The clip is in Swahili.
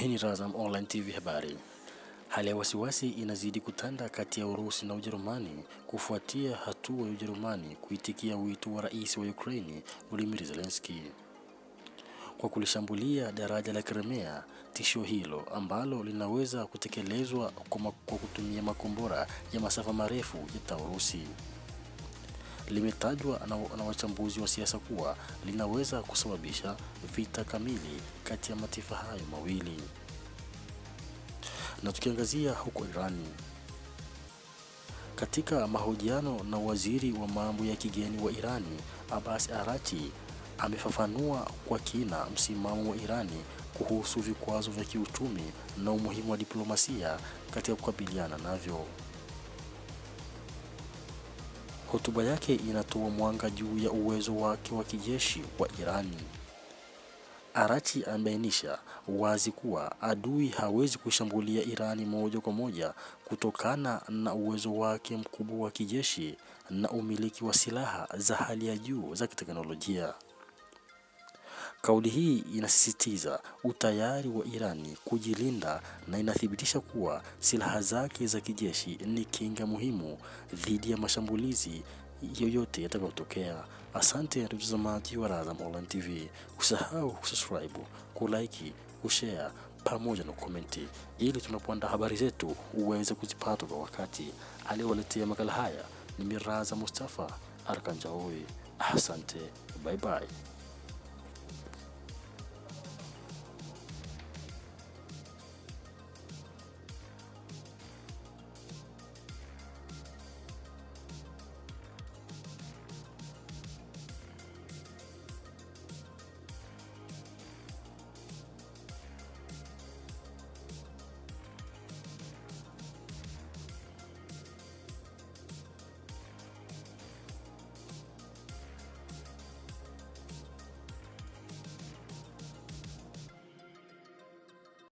Hii ni Razam Online TV habari. Hali ya wasiwasi inazidi kutanda kati ya Urusi na Ujerumani kufuatia hatua ya Ujerumani kuitikia wito wa Rais wa Ukraini Volodymyr Zelensky kwa kulishambulia daraja la Crimea. tisho hilo ambalo linaweza kutekelezwa kwa kutumia makombora ya masafa marefu ya urusi limetajwa na wachambuzi wa siasa kuwa linaweza kusababisha vita kamili kati ya mataifa hayo mawili. Na tukiangazia huko Irani, katika mahojiano na waziri wa mambo ya kigeni wa Irani Abbas Arachi amefafanua kwa kina msimamo wa Irani kuhusu vikwazo vya kiuchumi na umuhimu wa diplomasia katika kukabiliana navyo. Hotuba yake inatoa mwanga juu ya uwezo wake wa kijeshi wa Irani. Arachi amebainisha wazi kuwa adui hawezi kushambulia Irani moja kwa moja kutokana na uwezo wake mkubwa wa kijeshi na umiliki wa silaha za hali ya juu za kiteknolojia. Kauli hii inasisitiza utayari wa Irani kujilinda na inathibitisha kuwa silaha zake za kijeshi ni kinga muhimu dhidi ya mashambulizi yoyote yatakayotokea. Asante mtazamaji wa Ramadhan Online TV, usahau kusubscribe, kulike, kushare pamoja na komenti, ili tunapoandaa habari zetu uweze kuzipata kwa wakati. Aliyewaletea makala haya ni Miraza Mustafa arkanjaoi Asante, bye bye.